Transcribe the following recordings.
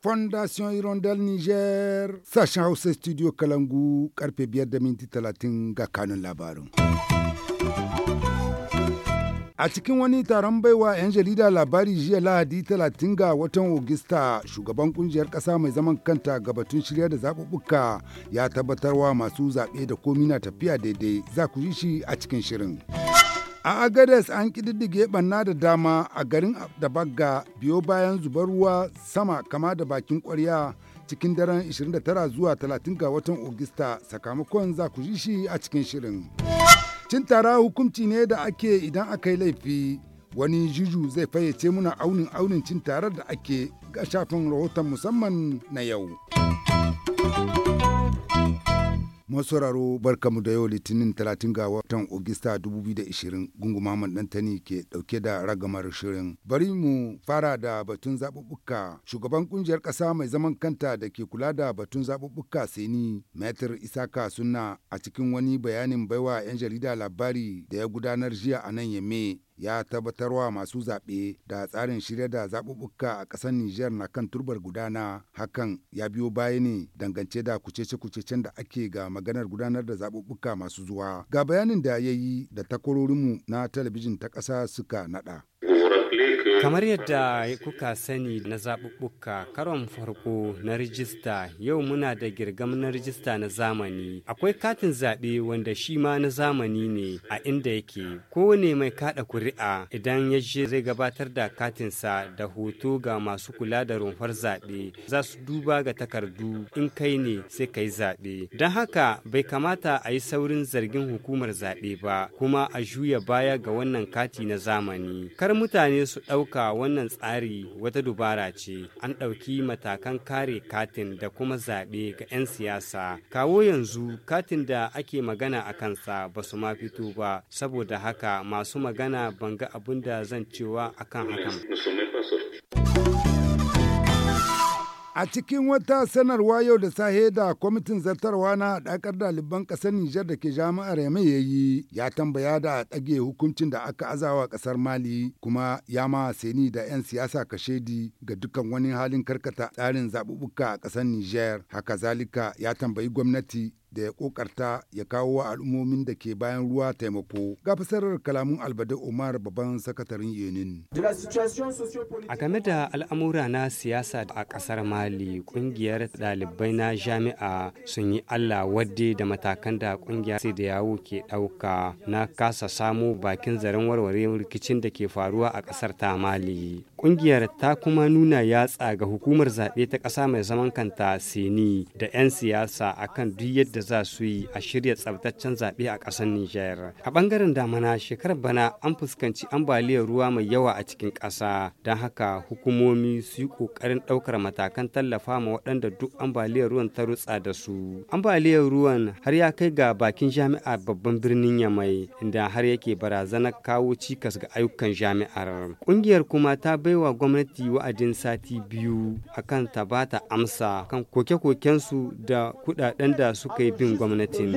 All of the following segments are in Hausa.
fondation hirondelle niger sachant au studio kalangu carpe bière de minti talatin labaru A cikin wani taron baiwa 'yan jarida labari jiya Lahadi 30 ga watan Ogista, shugaban kungiyar ƙasa mai zaman kanta gabatun shirya da zaɓuɓɓuka ya tabbatarwa masu zaɓe da komina tafiya daidai za ku yi shi a cikin shirin. A Agades an ƙididdige ɓanna da dama a garin da bagga biyo bayan zubar ruwa sama kama da bakin ƙwarya cikin daren 29 zuwa 30 ga watan Ogista sakamakon za ku ji shi a cikin shirin. Cin tara hukunci ne da ake idan aka yi laifi wani juju zai fayyace muna aunin aunin cin tarar da ake ga shafin rahoton musamman na yau. masauraro barkamu da yau litinin 30 ga watan ogista 2020 mamman dantani ke dauke da ragamar shirin bari mu fara da batun zaɓuɓɓuka shugaban kungiyar ƙasa mai zaman kanta da ke kula da batun zaɓuɓɓuka seni metr isaka sunna a cikin wani bayanin baiwa 'yan jarida labari da ya gudanar jiya a nan yamme ya tabbatarwa masu zaɓe da tsarin shirya da zaɓuɓɓuka a ƙasar Nijar na kan turbar gudana hakan ya biyo baya ne dangance da kucece-kucecen da ake ga maganar gudanar da zaɓuɓɓuka masu zuwa. Ga bayanin da ya yi da takwarorinmu na talabijin ta ƙasa suka naɗa. Kamar yadda kuka sani na zaɓuɓɓuka karon farko na rijista yau muna da girgam na rijista na zamani. Akwai katin zaɓe wanda shi ma na zamani ne a inda yake. Kowane mai kaɗa kuri'a idan ya je zai gabatar da katinsa da hoto ga masu kula da rumfar zaɓe za su duba ga takardu in kai ne sai ka yi zaɓe. Don haka bai kamata a yi saurin zargin hukumar zaɓe ba kuma a juya baya ga wannan kati na zamani. Kar mutane su ɗauka ɗauka wannan tsari wata dubara ce an ɗauki matakan kare katin da kuma zaɓe ga 'yan siyasa kawo yanzu katin da ake magana a kansa ba su ma fito ba saboda haka masu magana ban ga abin da zan cewa akan hakan A cikin wata sanarwa yau da sahe da kwamitin zartarwa na haɗakar ɗaliban ƙasar Nijar da ke jami'ar Yamai ya yi ya tambaya da ɗage hukuncin da aka azawa ƙasar Mali kuma ya ma seni da 'yan siyasa kashedi ga dukkan wani halin karkata tsarin zaɓuɓɓuka a ƙasar Nijar. Haka zalika ya tambayi gwamnati da ya kokarta ya kawo wa al'ummomin da ke bayan ruwa taimako ga fasarar kalamun albada umar babban sakataren yenin a game da al'amura na siyasa a kasar mali kungiyar dalibai na jami'a sun yi allah wadde da matakan da kungiyar sai da yawo ke ɗauka na kasa samu bakin zaren warware rikicin da ke faruwa a kasar ta mali kungiyar ta kuma nuna yatsa ga hukumar zaɓe ta ƙasa mai zaman kanta sini da 'yan siyasa akan duk yadda za su yi a shirya tsabtaccen zaɓe a ƙasar Nijar. A ɓangaren damana shekarar bana an fuskanci ambaliyar ruwa mai yawa a cikin ƙasa don haka hukumomi su yi ƙoƙarin ɗaukar matakan tallafa ma waɗanda duk ambaliyar ruwan ta rutsa da su. Ambaliyar ruwan har ya kai ga bakin jami'a babban birnin Yamai inda har yake barazanar kawo cikas ga ayyukan jami'ar. Ƙungiyar kuma ta baiwa gwamnati wa'adin sati biyu akan ta bata amsa kan koke-kokensu da kuɗaɗen da suka laifin gwamnatin.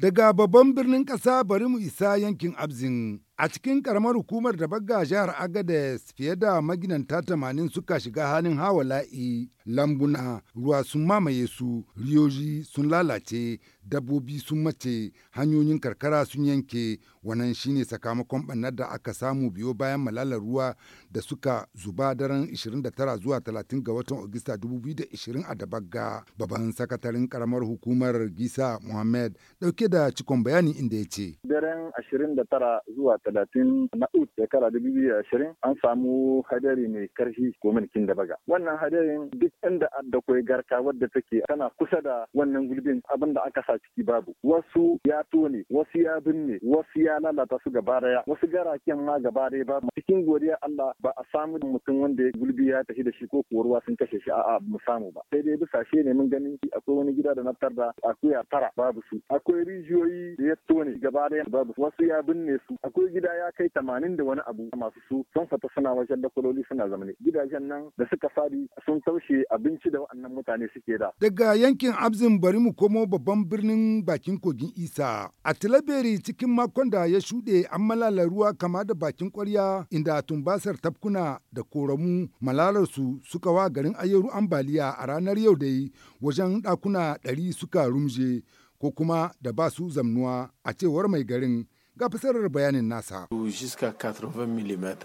Daga babban birnin ƙasa bari mu isa yankin Abzin. A cikin karamar hukumar da bagga jihar Agades fiye da maginanta 80 suka shiga halin hawa la'i. lambuna ruwa sun mamaye su riyoji sun lalace dabbobi sun mace hanyoyin karkara sun yanke wannan shine sakamakon bannar da aka samu biyo bayan malalar ruwa da suka zuba daren 29 zuwa 30 ga watan Agusta 2020 a Dabagga babban sakataren karamar hukumar Gisa Mohammed dauke da cikon bayani inda ya ce. Daren 29 zuwa 30 na Ut shekara 2020 an samu hadari mai karfi gomankin Dabaga. Wannan hadarin duk inda da kwai garka wadda take tana kusa da wannan gulbin abin da aka sa ciki babu wasu ya tone wasu ya binne wasu ya lalata su gaba daya wasu garaken ma gaba daya ba cikin godiya Allah ba a samu mutum wanda ya gulbi ya tafi da shi ko kuwa sun kashe shi a'a mu samu ba sai dai bisa shi ne mun ganin akwai wani gida da na da akuya tara babu su akwai rijiyoyi da ya tone gaba daya babu wasu ya binne su akwai gida ya kai tamanin da wani abu masu su sun fata suna wajen dakwaloli suna zamani gidajen nan da suka fadi sun taushe abinci da waɗannan mutane suke da. Daga yankin Abzin bari mu komo babban birnin bakin kogin Isa. A Tilaberi cikin makon da ya shuɗe an malala ruwa kama da bakin ƙwarya inda tumbasar tafkuna da koramu malalarsu suka wa garin ayyaru ambaliya a ranar yau dai wajen ɗakuna ɗari suka rumje ko kuma da ba su zamnuwa a cewar mai garin. ga fasarar bayanin nasa.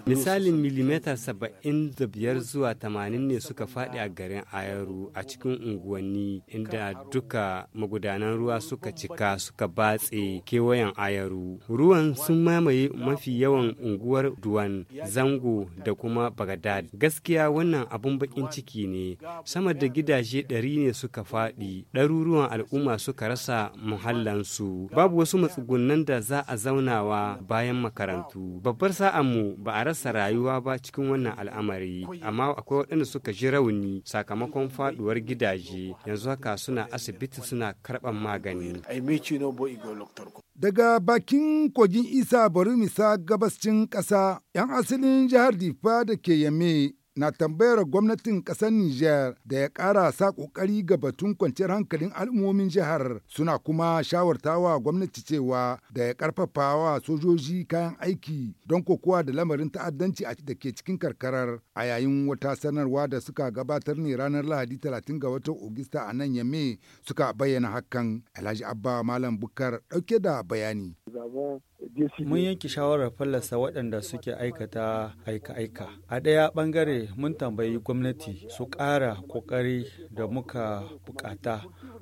Misalin milimeta saba'in da biyar zuwa tamanin ne suka faɗi a garin Ayaru a cikin unguwanni inda duka magudanan ruwa suka cika suka batse kewayen Ayaru. Ruwan sun mamaye mafi yawan unguwar Duwan, Zango da kuma Bagdad. Gaskiya wannan abun bakin ciki ne. Sama da gidaje ɗari ne suka faɗi, ɗaruruwan al'umma suka rasa muhallansu. Babu wasu matsugunan da za a zauna nunawa bayan makarantu babbar mu ba a rasa rayuwa ba cikin wannan al'amari amma akwai waɗanda suka ji rauni sakamakon faduwar gidaje yanzu haka suna asibiti suna karɓar magani daga bakin kogin isa bari misa gabascin ƙasa 'yan asalin jihar difa da ke yame na tambayar gwamnatin ƙasar Nijar da ya ƙara sa ƙoƙari ga batun kwanciyar hankalin al'ummomin jihar suna kuma shawartawa gwamnati cewa da ya karfafawa sojoji kayan aiki don kokowa da lamarin ta'addanci da ke cikin karkarar a yayin wata sanarwa da suka gabatar ne ranar Lahadi 30 ga watan Ogista a nan Yamme suka bayyana hakan Alhaji Abba Malam Bukar dauke da bayani. mun yanke shawarar fallasa waɗanda suke aikata aika-aika a ɗaya ɓangare mun tambayi gwamnati su ƙara ƙoƙari da muka buƙata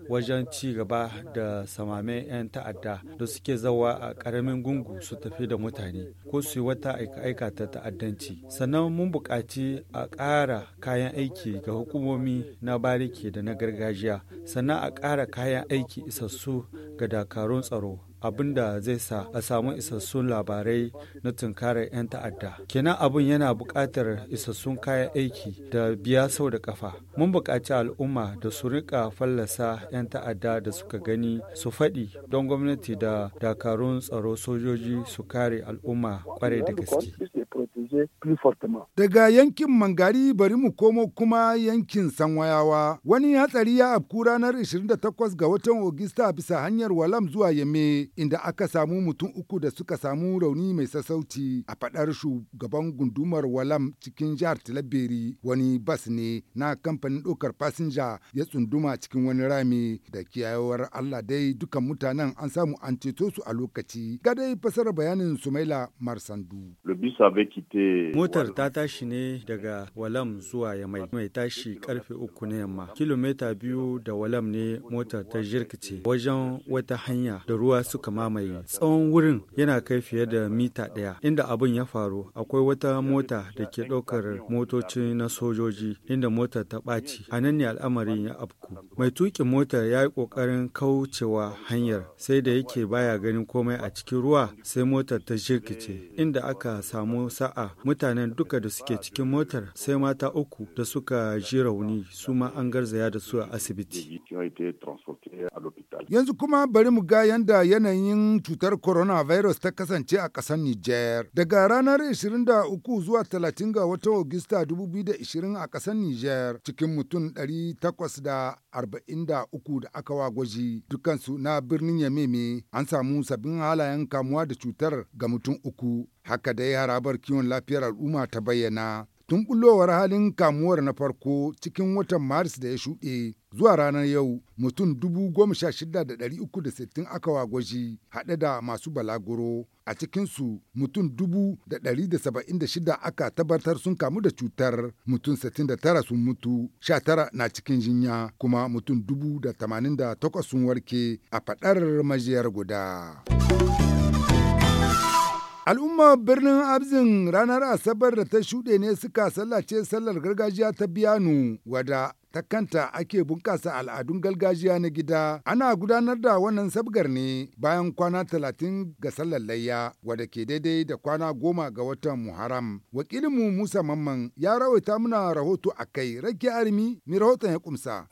wajen ci gaba da samame 'yan ta'adda da suke zawa a ƙaramin gungu su tafi da mutane ko su yi wata aika-aika ta ta'addanci sannan mun buƙaci a ƙara kayan aiki ga hukumomi na bariki da na gargajiya sannan a ƙara kayan aiki isassu ga dakarun tsaro abin da zai sa a samu isassun labarai na tunkarar 'yan ta'adda kenan abin yana buƙatar isassun kayan aiki da biya sau da kafa mun buƙaci al'umma da su rika fallasa 'yan ta'adda da suka gani su faɗi don gwamnati da dakarun tsaro sojoji su kare al'umma kwarai da gaske plus fortement. Daga yankin Mangari bari mu komo kuma yankin Sanwayawa. Wani hatsari ya afku ranar 28 ga watan Ogista bisa hanyar Walam zuwa Yame inda aka samu mutum uku da suka samu rauni mai sassauci a fadar shugaban gundumar Walam cikin jihar Tilaberi wani bas ne na kamfanin ɗaukar fasinja ya tsunduma cikin wani rami da kiyayewar Allah dai dukan mutanen an samu an ceto su a lokaci. Gadai fasara bayanin Sumaila Marsandu. Le bus avait quitté Eh, motar ta tashi ne daga Walam zuwa Yamai, mai tashi karfe uku na yamma. Kilomita biyu da Walam ne motar ta jirkice wajen wata hanya da ruwa suka mamaye. Tsawon wurin yana kai fiye da mita ɗaya. Inda abin ya faru, akwai wata mota da ke ɗaukar motoci na sojoji inda motar ta ɓaci. A nan ne al'amarin ya afku. Mai tuƙin motar ya yi ƙoƙarin kaucewa hanyar sai da yake baya ganin komai a cikin ruwa sai motar ta jirkice inda aka samu sa'a mutanen duka da suke cikin motar sai mata uku da suka ji rauni su ma an garzaya da su a asibiti. Yanzu kuma bari mu ga yanda yanayin cutar coronavirus ta kasance a ƙasar Nijar. Daga ranar 23 zuwa 30 ga watan Agusta 2020 a ƙasar Nijar cikin mutum 800 da arba'in da uku da aka wa gwaji dukansu na birnin Yameme an samu sabbin halayen kamuwa da cutar ga mutum uku. Haka da harabar harabar kiwon lafiyar al'umma ta bayyana Tun halin kamuwar na farko cikin watan Maris da ya shuɗe zuwa ranar yau mutum 16,360 aka wagwaji haɗe da masu balaguro a cikinsu mutum 176 aka tabbatar sun kamu da cutar mutum 69 sun mutu 19 na cikin jinya kuma mutum 88 sun warke a faɗar majiyar guda. Al'umma birnin Abzin ranar Asabar da ta shuɗe ne suka sallace sallar gargajiya ta biyanu wada ta kanta ake bunƙasa al'adun gargajiya na gida. Ana gudanar da wannan sabgar ne bayan kwana talatin ga sallar layya wadda ke daidai da kwana goma ga watan Muharram. Wakilinmu Musa Mamman ya rawaita muna rahoto a kai, rage armi, mi rahoton ya kumsa.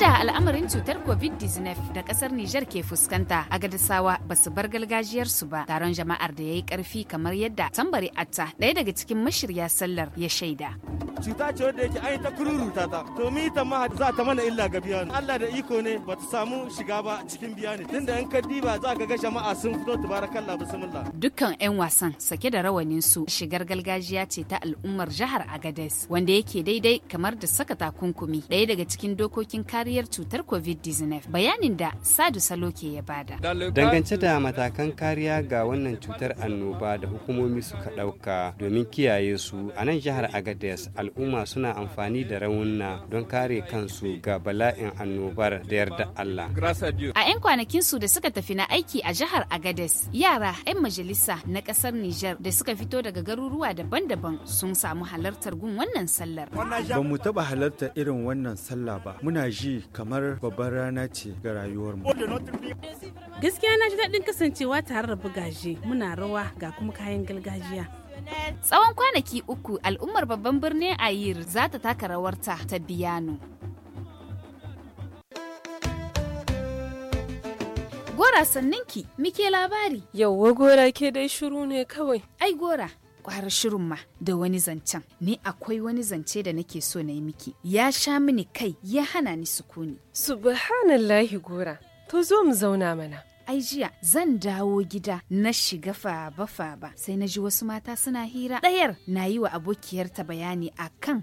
da al'amarin cutar covid-19 da kasar Nijar ke fuskanta a gadisawa ba su bar gargajiyarsu ba taron jama'ar da ya yi karfi kamar yadda tambari atta daya daga cikin mashirya sallar ya shaida. cuta ce wadda yake an ta kururuta ta to mi ta ma za ta mana illa ga biya Allah da iko ne ba ta samu shiga ba cikin biya tunda yan kaddi diba za ka ga jama'a sun fito tabarakallah bismillah dukkan yan wasan sake da rawanin su shigar gargajiya ce ta al'ummar jihar Agadez wanda yake daidai kamar da saka takunkumi ɗaya daga cikin dokokin kare kariyar cutar covid-19 bayanin da sadu salo ke ya bada dangance da matakan kariya ga wannan cutar annoba da hukumomi suka ɗauka domin kiyaye su a nan jihar agadez al'umma suna amfani da raunna don kare kansu ga bala'in annobar da yarda allah a 'yan kwanakin su da suka tafi na aiki a jihar agadez yara 'yan majalisa na kasar niger da suka fito daga garuruwa daban-daban sun samu halartar gun wannan sallar ba mu taɓa halartar irin wannan sallah ba muna ji kamar babbar rana ce ga rayuwarmu. Gaskiya na ji daɗin kasancewa tare da bugaje muna rawa ga kuma kayan gargajiya. Tsawon kwanaki uku al'ummar babban birnin Ayir za ta taka rawarta ta biyano. Gora sanninki, muke labari. Yauwa gora ke dai shiru ne kawai. Ai gora, kwara shirin ma da wani zancen ni akwai wani zance da nake so na yi miki ya sha mini kai ya hana ni sukuni subhanallahi gora to zo mu zauna mana ai jiya zan dawo gida na shiga faba-faba sai na ji wasu mata suna hira ɗayar na yi wa abokiyarta bayani akan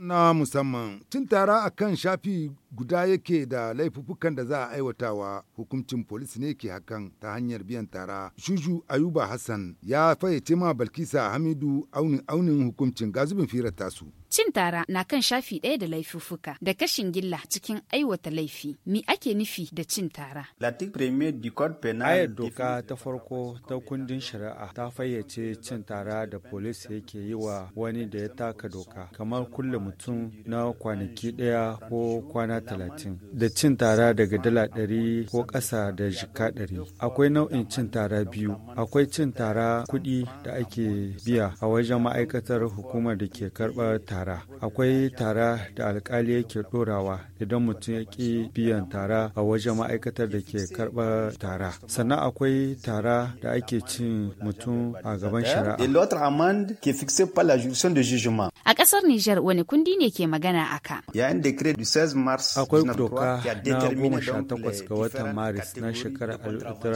na musamman tun tara a kan shafi guda yake da laifuffukan da za a aiwatawa hukuncin polis ne ke hakan ta hanyar biyan tara. Juju Ayuba Hassan ya fayyace ma Balkisa Hamidu aunin aunin hukuncin zubin firar tasu. Cin tara na kan shafi ɗaya da laifuffuka da kashin gilla cikin aiwata laifi. Mi ake nufi da cin tara? Ayar doka ta farko ta kundin shari'a ta fayyace cin tara da polis yake yi wa wani da ya taka doka, kamar kulle mutum na kwanaki ɗaya ko kwana talatin da cin tara daga dala ɗari ko ƙasa da jika ɗari. Akwai nau'in cin tara biyu. Akwai cin tara kuɗi da ake biya a wajen ma'aikatar hukumar da ke karɓar tara. Akwai tara da alkali yake ɗorawa idan mutum ya ƙi biyan tara a wajen ma'aikatar da ke karɓar tara. Sannan akwai tara da ake cin mutum a gaban shari'a. A ƙasar Nijar wani kundi ne ke magana aka. Yayin da Mars akwai doka na goma sha takwas ga watan maris na shekarar uku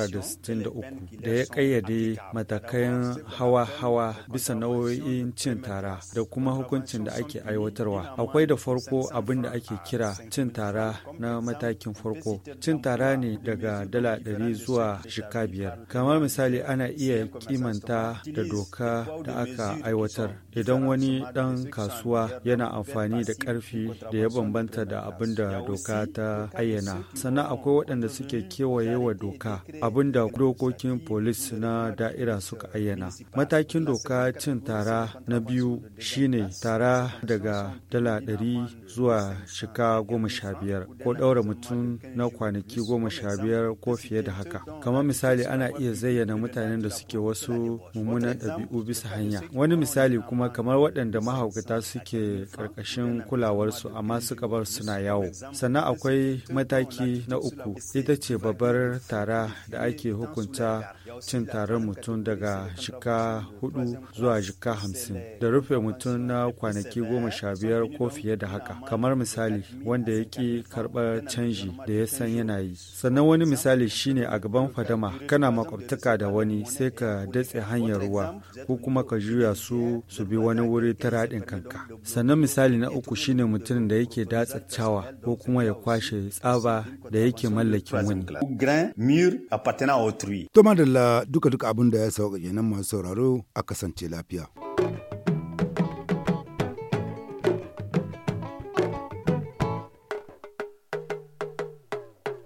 da ya kayyade matakan hawa-hawa bisa nau'o'in cin tara da kuma hukuncin da ake aiwatarwa akwai da farko abin da ake kira cin tara na matakin farko cin tara ne daga dala ɗari zuwa shika biyar kamar misali ana iya kimanta da doka da aka aiwatar idan wani 'dan kasuwa yana amfani da ƙarfi da ya bambanta da abin da da doka ta ayyana sannan akwai waɗanda suke kewaye wa doka abinda dokokin polis na da'ira suka ayyana matakin doka cin tara na biyu shine tara daga dala ɗari zuwa shika goma sha biyar ko ɗaura mutum na kwanaki goma sha biyar ko fiye da haka kamar misali ana iya zayyana mutanen da suke wasu mummunan ɗabi'u bisa hanya wani misali kuma kamar waɗanda mahaukata suke ƙarƙashin kulawarsu amma suka bar suna yawo sannan akwai mataki na uku ita ce babbar tara da ake hukunta cin taron mutum daga shika hudu zuwa shika hamsin da rufe mutum na kwanaki goma sha biyar ko fiye da haka kamar misali wanda ya ki karɓar canji da ya san yana yi sannan wani misali shine a gaban fadama kana makwabtaka da wani sai ka datse hanyar ruwa ko kuma ka juya su su bi wani wuri ta raɗin kanka sannan misali na uku shine mutum da yake datsa cawa ko kuma ya kwashe tsaba da yake mallakin wani. Tomadala duka-duka abin da ya sauka nan masu sauraro a kasance lafiya.